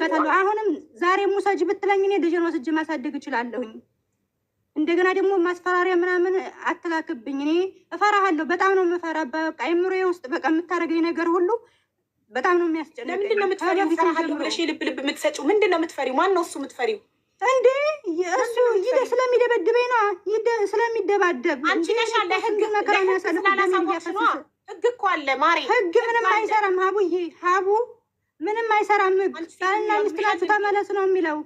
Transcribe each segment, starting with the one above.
እሄድበታለሁ። አሁንም ዛሬ ሙሰጅ ብትለኝ እኔ ልጅን ወስጄ ማሳደግ እችላለሁኝ። እንደገና ደግሞ ማስፈራሪያ ምናምን አትላክብኝ። እኔ እፈራሃለሁ። በጣም ነው የምፈራ። በቃ አይምሮ ውስጥ በቃ የምታደርገኝ ነገር ሁሉ በጣም ነው የሚያስጨንቀኝ። ለምንድን ነው የምትፈሪው? እፈራሃለሁ ብለሽ ልብ ልብ የምትሰጪው ምንድን ነው የምትፈሪው? ማን ነው እሱ የምትፈሪው? እንዴ እሱ ይደ ስለሚደበድበኝ ነው ስለሚደባደብ። አንቺ ነሽ ህግ መከራ ያሳለሁ። ህግ እኮ አለ ማሬ፣ ህግ ምንም አይሰራም። ሀቡዬ ሀቡ አይሰራም። ባልና ሚስት ናችሁ ተመለሱ ነው የሚለው።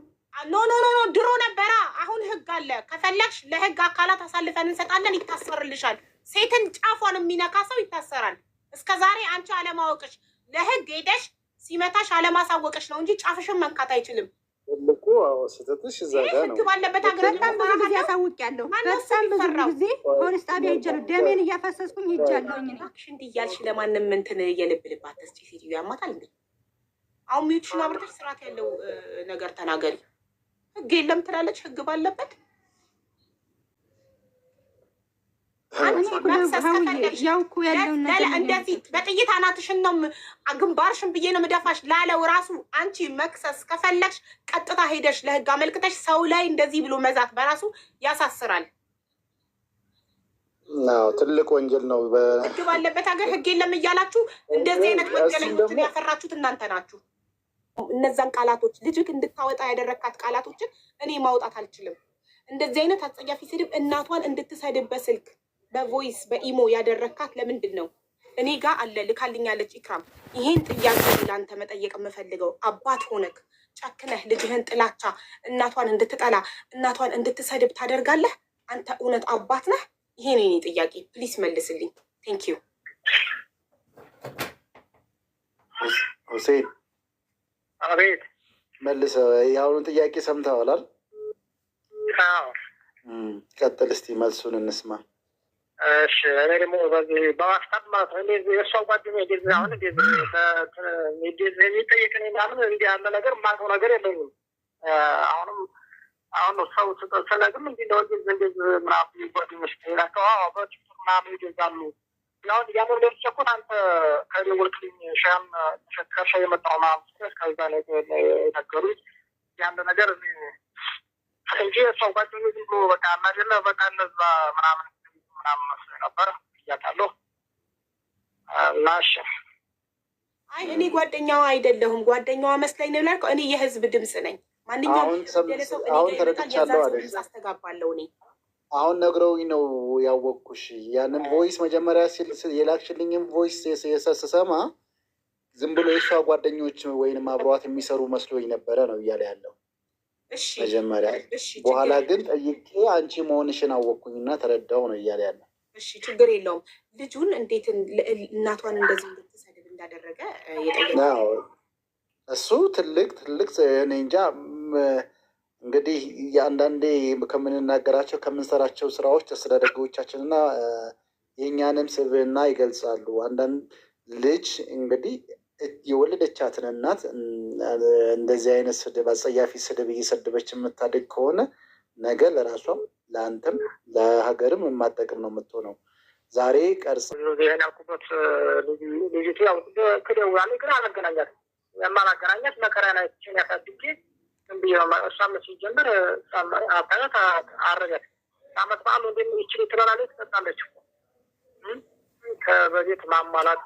ኖ ኖ ኖ ድሮ ነበራ። አሁን ህግ አለ። ከፈለግሽ ለህግ አካላት አሳልፈን እንሰጣለን። ይታሰርልሻል። ሴትን ጫፏን የሚነካ ሰው ይታሰራል። እስከ ዛሬ አንቺ አለማወቅሽ ለህግ ሄደሽ ሲመታሽ አለማሳወቅሽ ነው እንጂ ጫፍሽን መንካት አይችልም። ትልቁ ስህተትሽ እዛ ጋ ነው። ባለበት ሀገር በጣም ብዙ ጊዜ አሳውቂያለሁ። በጣም ብዙ ጊዜ ፖሊስ ጣቢያ ሄጃለሁ። ደሜን እያፈሰስኩኝ ሄጃለሁ። ሽንት እያልሽ ለማንም እንትን የልብ ልባት ስጪ። ሴትዮ ያማታል እንዴ? አሁን ሚዩትሽን አብርተሽ ስርዓት ያለው ነገር ተናገሪ። ህግ የለም ትላለች። ህግ ባለበት እንደዚህ በጥይት አናትሽን ነው ግንባርሽን ብዬ ነው ምደፋሽ ላለው ራሱ አንቺ መክሰስ ከፈለግሽ ቀጥታ ሄደሽ ለህግ አመልክተሽ ሰው ላይ እንደዚህ ብሎ መዛት በራሱ ያሳስራል። ትልቅ ወንጀል ነው። ህግ ባለበት ሀገር ህግ የለም እያላችሁ እንደዚህ አይነት ወንጀለኞችን ያፈራችሁት እናንተ ናችሁ። እነዛን ቃላቶች ልጅክ እንድታወጣ ያደረግካት ቃላቶችን እኔ ማውጣት አልችልም። እንደዚህ አይነት አጸያፊ ስድብ እናቷን እንድትሰድብ በስልክ በቮይስ በኢሞ ያደረግካት ለምንድን ነው? እኔ ጋር አለ ልካልኛለች። ኢክራም ይሄን ጥያቄ ላንተ መጠየቅ የምፈልገው አባት ሆነክ ጨክነህ ልጅህን ጥላቻ እናቷን እንድትጠላ እናቷን እንድትሰድብ ታደርጋለህ? አንተ እውነት አባት ነህ? ይሄን ነው ጥያቄ። ፕሊስ መልስልኝ። ቴንክ ዩ ሁሴን አቤት መልሰ የአሁኑን ጥያቄ ሰምተዋላል? ቀጥል እስቲ መልሱን እንስማ። እሺ እኔ ደግሞ በዚህ ማለት ነው የእሷ ጓደኛ አሁን ምናምን እንዲህ ያለ ነገር የማውቀው ነገር የለኝም። አሁንም አሁን ሰው ስለግም እንዲ ለወጌ ዘንዴ ምናምን ጓደኞች ይላቸው በቲክቶክ ምናምን ይገዛሉ ናሁን እያመርደ ሲቸኩት አንተ ከደወልክልኝ ሻም ከሻ የመጣው ማምስ ከዛ ነው የነገሩት ያንድ ነገር እንጂ ሰው ዝም ብሎ በቃ እናደለ በቃ እነዛ ምናምን ምናምን መስሎ ነበር እያታለሁ እና አይ እኔ ጓደኛዋ አይደለሁም ጓደኛዋ መስለኝ ነው ያልከው። እኔ የህዝብ ድምፅ ነኝ። ማንኛውም ሰው እኔ ጋር ይመጣል፣ የዛ ድምፅ አስተጋባለሁ እኔ አሁን ነግረውኝ ነው ያወቅኩሽ። ያንን ቮይስ መጀመሪያ የላክሽልኝም ቮይስ የሰስሰማ ዝም ብሎ የእሷ ጓደኞች ወይንም አብረዋት የሚሰሩ መስሎኝ ነበረ ነው እያለ ያለው መጀመሪያ። በኋላ ግን ጠይቄ አንቺ መሆንሽን አወቅኩኝና ተረዳው ነው እያለ ያለው። እሺ ችግር የለውም። ልጁን እንዴት እናቷን እንደዚህ እንድትሰድብ እንዳደረገ የጠየቀው እሱ ትልቅ ትልቅ እኔ እንጃ እንግዲህ አንዳንዴ ከምንናገራቸው ከምንሰራቸው ስራዎች አስተዳደጎቻችንና የእኛንም ስብዕና ይገልጻሉ። አንዳንድ ልጅ እንግዲህ የወለደቻትን እናት እንደዚህ አይነት ስድብ፣ አጸያፊ ስድብ እየሰደበች የምታድግ ከሆነ ነገ ለራሷም ለአንተም ለሀገርም የማጠቅም ነው የምትሆነው። ዛሬ ቀርጽ ያልኩበት ልጅቱ ያው ክደውላለች፣ ግን አላገናኛትም። የማላገናኛት መከራ ናችን ያሳድጌ እንትን ሲጀምር አባያት አረገት አመት በዓል ወደ ይችል ትበላለች ትጠጣለች። ከበቤት ማሟላት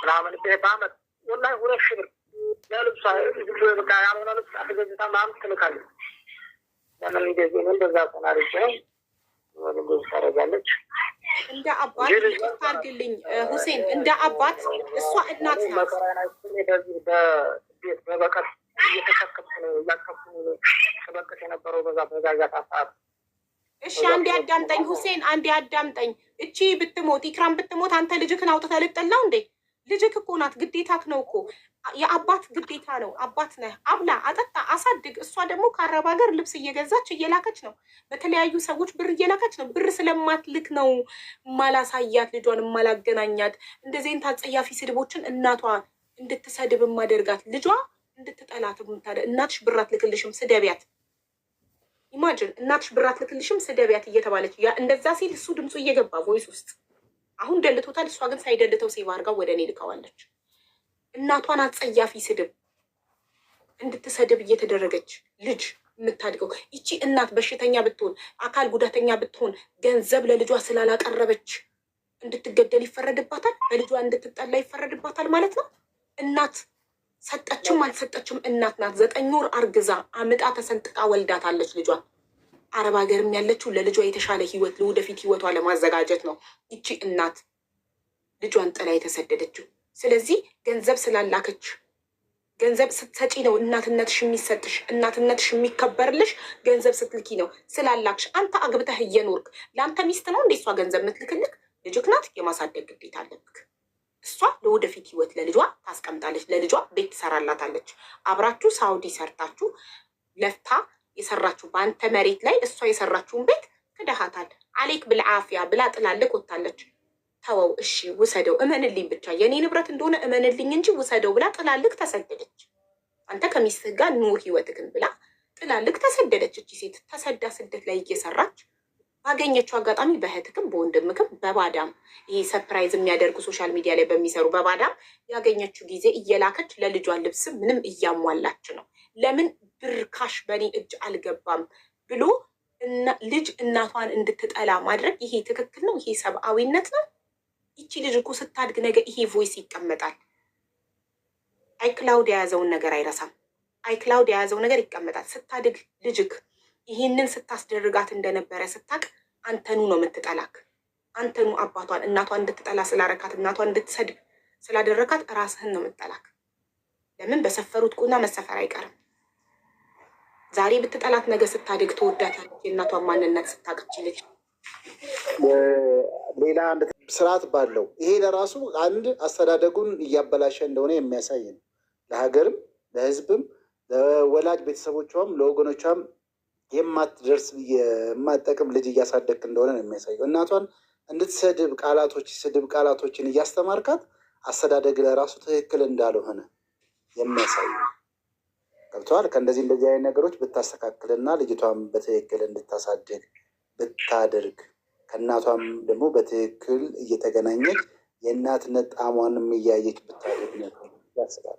ምናምን በአመት ወላሂ ሁለት ሺህ ብር ለልብሷ ያልሆነ ልብስ አትገዝታ ምናምን ትልካለች። ለምን ታደርጋለች። እንደ አባት አድርግልኝ ሁሴን፣ እንደ አባት እሷ እናት ናት። በቤት በበቀል እየተሸክም ስበቅስ የነበረው በዛ በዛዛት ሰዓት። እሺ አንድ ያዳምጠኝ ሁሴን፣ አንድ ያዳምጠኝ። እቺ ብትሞት ኢክራም ብትሞት አንተ ልጅክን አውጥተህ ልጥላው እንዴ? ልጅክ እኮ ናት፣ ግዴታክ ነው እኮ የአባት ግዴታ ነው። አባት ነህ፣ አብላ፣ አጠጣ፣ አሳድግ። እሷ ደግሞ ከአረብ ሀገር ልብስ እየገዛች እየላከች ነው፣ በተለያዩ ሰዎች ብር እየላከች ነው። ብር ስለማትልክ ነው ማላሳያት፣ ልጇን ማላገናኛት። እንደዚህን ታጸያፊ ስድቦችን እናቷ እንድትሰድብ ማደርጋት ልጇ እንድትጠላት ታዲያ እናትሽ ብራት ልክልሽም ስደቢያት ኢማጅን እናትሽ ብራት ልክልሽም ስደቢያት እየተባለች እንደዛ ሲል እሱ ድምፁ እየገባ ቮይስ ውስጥ አሁን ደልቶታል። እሷ ግን ሳይደልተው ሴቭ አድርጋ ወደ እኔ ልከዋለች። እናቷን አጸያፊ ስድብ እንድትሰድብ እየተደረገች ልጅ የምታድገው ይቺ እናት በሽተኛ ብትሆን አካል ጉዳተኛ ብትሆን ገንዘብ ለልጇ ስላላቀረበች እንድትገደል ይፈረድባታል። በልጇ እንድትጠላ ይፈረድባታል ማለት ነው እናት ሰጠችም አልሰጠችም እናት ናት። ዘጠኝ ወር አርግዛ አምጣ ተሰንጥቃ ወልዳታለች ልጇ አረብ ሀገርም ያለችው ለልጇ የተሻለ ህይወት ለወደፊት ህይወቷ ለማዘጋጀት ነው ይቺ እናት ልጇን ጥላ የተሰደደችው። ስለዚህ ገንዘብ ስላላከች ገንዘብ ስትሰጪ ነው እናትነትሽ የሚሰጥሽ፣ እናትነትሽ የሚከበርልሽ ገንዘብ ስትልኪ ነው። ስላላክሽ አንተ አግብተህ እየኖርክ ለአንተ ሚስት ነው እንዴ እሷ ገንዘብ ምትልክልክ? ልጅክ ናት፣ የማሳደግ ግዴታ አለብክ። እሷ ለወደፊት ህይወት ለልጇ ታስቀምጣለች። ለልጇ ቤት ትሰራላታለች። አብራችሁ ሳውዲ ሰርታችሁ ለፍታ የሰራችሁ በአንተ መሬት ላይ እሷ የሰራችውን ቤት ክደሃታል። አሌክ ብልአፍያ ብላ ጥላልቅ ወታለች። ተወው፣ እሺ ውሰደው፣ እመንልኝ፣ ብቻ የኔ ንብረት እንደሆነ እመንልኝ እንጂ ውሰደው ብላ ጥላልቅ ተሰደደች። አንተ ከሚስትህ ጋር ኑር ህይወትህን ብላ ጥላልቅ ተሰደደች። እቺ ሴት ተሰዳ ስደት ላይ እየሰራች ባገኘችው አጋጣሚ በእህትክም በወንድምክም በባዳም ይሄ ሰፕራይዝ የሚያደርጉ ሶሻል ሚዲያ ላይ በሚሰሩ በባዳም ያገኘችው ጊዜ እየላከች ለልጇ ልብስ ምንም እያሟላች ነው። ለምን ብር ካሽ በእኔ እጅ አልገባም ብሎ ልጅ እናቷን እንድትጠላ ማድረግ ይሄ ትክክል ነው? ይሄ ሰብአዊነት ነው? ይቺ ልጅ እኮ ስታድግ ነገ ይሄ ቮይስ ይቀመጣል። አይክላውድ የያዘውን ነገር አይረሳም። አይክላውድ የያዘው ነገር ይቀመጣል። ስታድግ ልጅክ ይህንን ስታስደርጋት እንደነበረ ስታቅ አንተኑ ነው የምትጠላክ። አንተኑ አባቷን እናቷን እንድትጠላ ስላረካት እናቷን እንድትሰድብ ስላደረካት ራስህን ነው የምትጠላክ። ለምን በሰፈሩት ቁና መሰፈር አይቀርም። ዛሬ ብትጠላት ነገ ስታድግ ትወዳታለች። የእናቷን ማንነት ልጅ ሌላ ስርዓት ባለው ይሄ ለራሱ አንድ አስተዳደጉን እያበላሸ እንደሆነ የሚያሳይ ነው። ለሀገርም ለህዝብም ለወላጅ ቤተሰቦቿም ለወገኖቿም የማትደርስ የማትጠቅም ልጅ እያሳደግክ እንደሆነ ነው የሚያሳየው። እናቷን እንድትሰድብ ቃላቶች ስድብ ቃላቶችን እያስተማርካት አስተዳደግ ለራሱ ትክክል እንዳልሆነ የሚያሳዩ ገብተዋል። ከእንደዚህ እንደዚህ አይነት ነገሮች ብታስተካክልና ልጅቷን በትክክል እንድታሳድግ ብታደርግ ከእናቷም ደግሞ በትክክል እየተገናኘች የእናትነት ጣሟንም እያየች ብታደርግ ያስባል።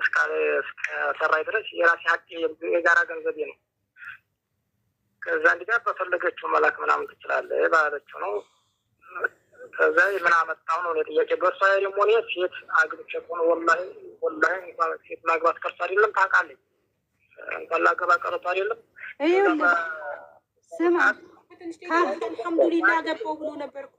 እስከሰራይ ድረስ የራሴ ሀቅ የጋራ ገንዘቤ ነው። ከዛ እንዲ ጋር በፈለገችው መላክ ምናምን ትችላለህ ባለችው ነው። ከዛ ምን አመጣው ነው ጥያቄ። በእሷ ደግሞ እኔ ሴት አግብቼ እኮ ነው ወላሂ ወላሂ እንኳን ሴት ማግባት ቀርቶ አይደለም ታውቃለች፣ እንኳን ላገባ ቀርቶ አይደለም። ስማ፣ አልሐምዱሊላ ገባው ብሎ ነበር እኮ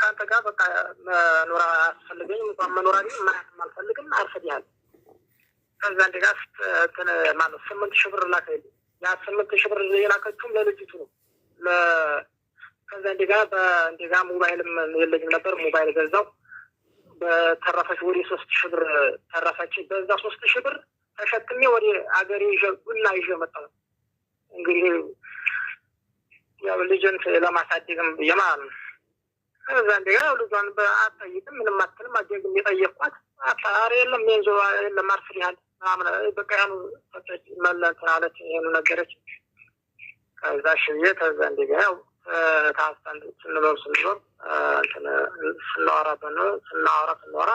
ከአንተ ጋር በቃ መኖር አስፈልገኝ እንኳን መኖራ ግ ማም አልፈልግም አርፈኛል። ከዛ እንደ ጋር ማለት ስምንት ሺህ ብር ላከል ያ ስምንት ሺህ ብር የላከችውም ለልጅቱ ነው። ከዛ እንደ ጋር እንደ ጋር ሞባይልም የለኝም ነበር ሞባይል ገዛው። በተረፈች ወደ ሶስት ሺህ ብር ተረፈች። በዛ ሶስት ሺህ ብር ተሸክሜ ወደ አገሬ ቡና ይዤ መጣሁ። እንግዲህ ያው ልጅን ለማሳደግም ብዬ ማለት ነው ከዛ እንደገና ልጇን አትጠይቅም፣ ምንም አትልም። አጀግም የጠየቅኳት የለም የንዞ የለም አርስልሃል ምናምን በቀኑ ሰጠች መለንትን አለች። ይህኑ ነገረች። ከዛ ሽዬ ከዛ ታስታን ስንኖር ስንኖር ስናወራ ስናወራ ስናወራ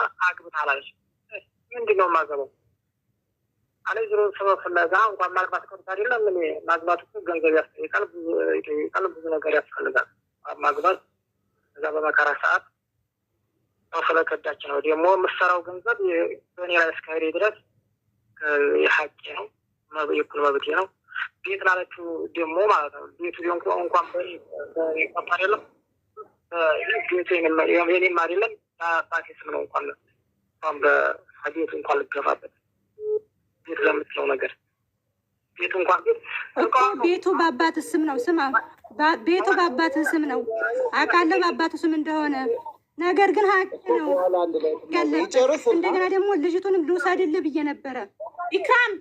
ምንድን ነው አለ ዝሮ ፍለጋ እንኳን ማግባት ቀርቶ አይደለም ማግባት ገንዘብ ያስጠይቃል፣ ይጠይቃል፣ ብዙ ነገር ያስፈልጋል ማግባት እዛ በመከራ ሰዓት ሰው ስለከዳች ነው። ደግሞ የምሰራው ገንዘብ በእኔ ላይ እስከሄደ ድረስ የሀቄ ነው፣ የኩል መብቴ ነው። ቤት ማለችው ደግሞ ማለት ነው ቤቱ እንኳን በኔ አይደለም ቤቱ የኔም አይደለም በአባቴ ስም ነው። እንኳን እንኳን በቤቱ እንኳን ልገባበት ቤት ለምትለው ነገር ቤቱ እንኳን ቤት ቤቱ በአባት ስም ነው። ስም ስማ ቤቱ በአባትህ ስም ነው አውቃለሁ፣ በአባቱ ስም እንደሆነ ነገር ግን ሀቅ ነው ገለጠ። እንደገና ደግሞ ልጅቱንም ልውሰድልህ ብዬ ነበረ። ኢክራም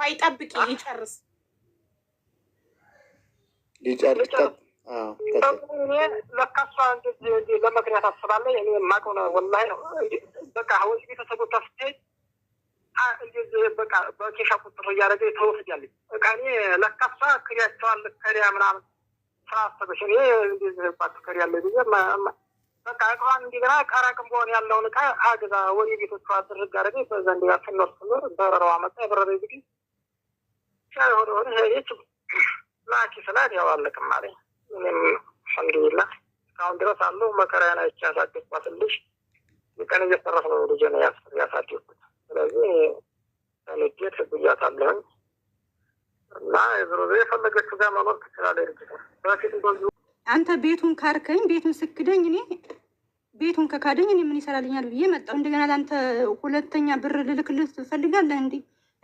ቆይ ጠብቂ፣ ይጨርስ ለካሷ ለምክንያት አስባለሁ። እኔ የማውቀው ነው ወላሂ ነው በቃ ሆስ ቤተሰቦቿ ስትሄድ በቃ በኬሻ ቁጥር እያደረገ ተወስጃለች። በቃ እኔ ለካ ክሪያቸዋል ከሪያ ልከሪያ ምናምን ስራ አሰበች። ከሪ ያለ ጊዜ በቃ እቃዋን እንዲገና ቀረቅም በሆን ያለውን እቃ አገዛ ወይ ቤቶቿ አድርግ አደረገ። በዛ እንዲያ ስነሱ በረረዋ መጣ። የበረረ ጊዜ ሻይ ሆነ ሆነ ሄደች። ላኪ ስላት ያው አለቅም አለኝ። እኔም አልሐምዱሊላህ እስካሁን ድረስ አሉ መከራዬን አይቼ ያሳደግኳት ልጅ የቀን እየሰራሁ ነው ልጄን ያሳደግኩት ስለዚህ እኔ ትብያታለህን እና የዞሮ ዞሮ የፈለገችው ጋር መኖር ትችላለህ። አንተ ቤቱን ካርከኝ፣ ቤቱን ስክደኝ፣ እኔ ቤቱን ከካደኝ እኔ ምን ይሰራልኛል ብዬ መጣሁ። እንደገና ለአንተ ሁለተኛ ብር ልልክልህ ትፈልጋለህ እንዴ?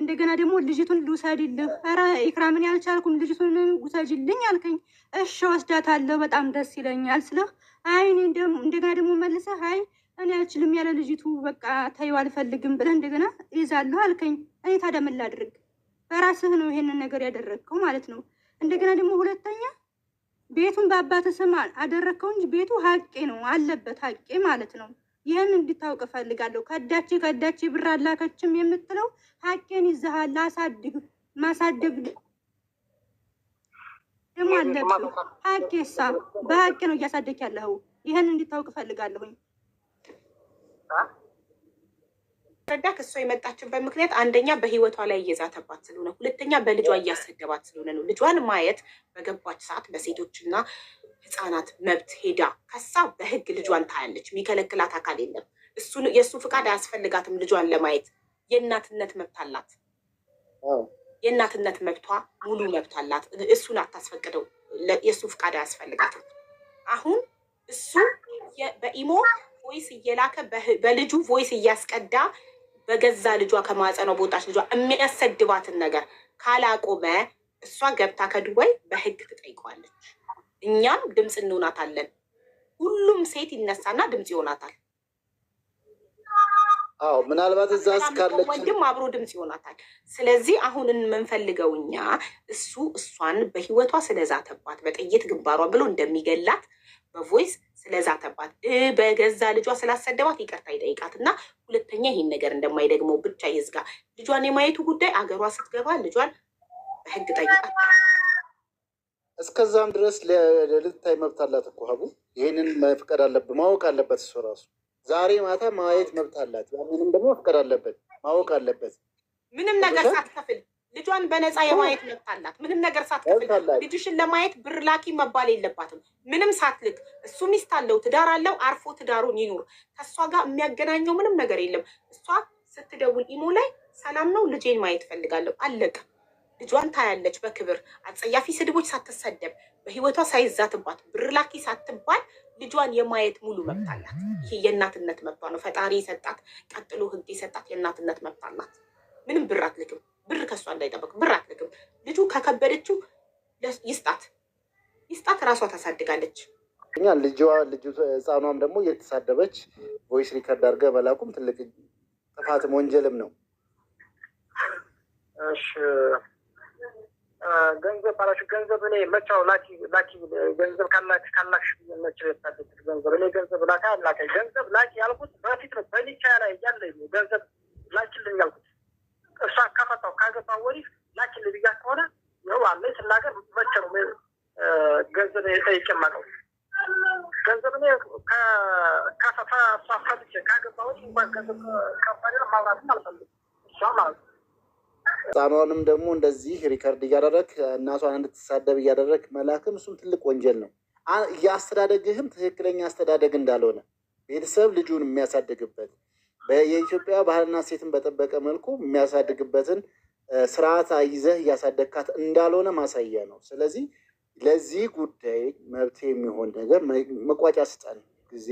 እንደገና ደግሞ ልጅቱን ልውሰድልህ? ኧረ ኢክራምን ያልቻልኩም ልጅቱን ውሰጅልኝ አልከኝ። እሺ ወስዳታለሁ፣ በጣም ደስ ይለኛል ስለህ፣ አይ እኔ እንደገና ደግሞ መልሰህ አይ እኔ አልችልም ያለ ልጅቱ በቃ ተየው አልፈልግም ብለህ እንደገና ይዛለሁ አልከኝ። እኔ ታዲያ ምን ላድርግ? በራስህ ነው ይሄንን ነገር ያደረግከው ማለት ነው። እንደገና ደግሞ ሁለተኛ ቤቱን በአባተ ስም አደረግከው እንጂ ቤቱ ሀቄ ነው አለበት ሀቄ ማለት ነው። ይህን እንድታውቅ እፈልጋለሁ። ከዳቼ ከዳቼ ብር አላከችም የምትለው ሀቄን ይዘሃል። አሳድግ ማሳደግ ደግሞ አለብህ። ሀቄ ሳ በሀቄ ነው እያሳደግ ያለኸው። ይህን እንድታውቅ እፈልጋለሁኝ። ረዳት እሷ የመጣችበት ምክንያት አንደኛ በህይወቷ ላይ እየዛተባት ስለሆነ፣ ሁለተኛ በልጇ እያሰደባት ስለሆነ ነው። ልጇን ማየት በገባች ሰዓት በሴቶችና ህፃናት መብት ሄዳ ከሳ በህግ ልጇን ታያለች። የሚከለክላት አካል የለም። የእሱ ፍቃድ አያስፈልጋትም ልጇን ለማየት። የእናትነት መብት አላት። የእናትነት መብቷ ሙሉ መብት አላት። እሱን አታስፈቅደው። የእሱ ፍቃድ አያስፈልጋትም። አሁን እሱ በኢሞ ቮይስ እየላከ በልጁ ቮይስ እያስቀዳ በገዛ ልጇ ከማህፀኗ በወጣች ልጇ የሚያሰድባትን ነገር ካላቆመ እሷ ገብታ ከዱባይ በህግ ትጠይቀዋለች። እኛም ድምፅ እንሆናታለን። ሁሉም ሴት ይነሳና ድምፅ ይሆናታል። አዎ ምናልባት እዛ እስካለች ወንድም አብሮ ድምፅ ይሆናታል። ስለዚህ አሁን የምንፈልገው እኛ እሱ እሷን በህይወቷ ስለዛተባት በጥይት ግንባሯ ብሎ እንደሚገላት በቮይስ ስለዛተባት በገዛ ልጇ ስላሰደባት ይቅርታ ይጠይቃት እና ሁለተኛ ይህን ነገር እንደማይደግመው ብቻ ይዝጋ። ልጇን የማየቱ ጉዳይ አገሯ ስትገባ ልጇን በህግ ጠይቃት። እስከዛም ድረስ ለልታይ መብት አላት እኮ ሀቡ፣ ይህንን መፍቀድ አለብ ማወቅ አለበት እሱ ራሱ። ዛሬ ማታ ማየት መብት አላት። ያንንም ደግሞ መፍቀድ አለበት ማወቅ አለበት ምንም ነገር ሳትከፍል ልጇን በነፃ የማየት መብት አላት። ምንም ነገር ሳትከፍል ልጅሽን ለማየት ብር ላኪ መባል የለባትም። ምንም ሳትልክ እሱ ሚስት አለው፣ ትዳር አለው። አርፎ ትዳሩን ይኑር። ከእሷ ጋር የሚያገናኘው ምንም ነገር የለም። እሷ ስትደውል ኢሞ ላይ ሰላም ነው ልጄን ማየት ፈልጋለሁ፣ አለቀ። ልጇን ታያለች በክብር አጸያፊ ስድቦች ሳትሰደብ በህይወቷ ሳይዛትባት ብር ላኪ ሳትባል ልጇን የማየት ሙሉ መብት አላት። ይሄ የእናትነት መብቷ ነው። ፈጣሪ የሰጣት ቀጥሎ ህግ የሰጣት የእናትነት መብት አላት። ምንም ብር አትልክም። ብር ከእሷ እንዳይጠበቅ ብር አትልክም። ልጁ ከከበደችው ይስጣት ይስጣት፣ እራሷ ታሳድጋለች። እኛ ልጅዋ ልጁ ህፃኗም ደግሞ እየተሳደበች ቮይስ ሪከርድ አድርገ መላኩም ትልቅ ጥፋትም ወንጀልም ነው። እሺ ገንዘብ ባላችሁ ገንዘብ እኔ መቻው ላኪ ላኪ ገንዘብ ካላክ ካላክሽ መቸ የታደግት ገንዘብ እኔ ገንዘብ ላካ ላካ ገንዘብ ላኪ ያልኩት በፊት ነው። በሊቻ ላይ እያለ ገንዘብ ላኪልኝ ያልኩት እሷ ከፈታው ካገባ ወዲህ ላኪን ልብያ ከሆነ ነው አለ ስናገር መቼ ነው ገንዘብ የጠይቄ ገንዘብ እኔ ከፈታ እሷ ፈትቼ ካገባ ወዲህ እንኳን ገንዘብ ካምፓኒ ማውራትም አልፈልግም እሷ ማለት ነው። ህፃኗንም ደግሞ እንደዚህ ሪከርድ እያደረግ እናቷን እንድትሳደብ እያደረግ መላክም እሱም ትልቅ ወንጀል ነው። የአስተዳደግህም ትክክለኛ አስተዳደግ እንዳልሆነ ቤተሰብ ልጁን የሚያሳድግበት የኢትዮጵያ ባህልና ሴትን በጠበቀ መልኩ የሚያሳድግበትን ስርዓት ይዘህ እያሳደግካት እንዳልሆነ ማሳያ ነው። ስለዚህ ለዚህ ጉዳይ መብት የሚሆን ነገር መቋጫ ስጠን ጊዜ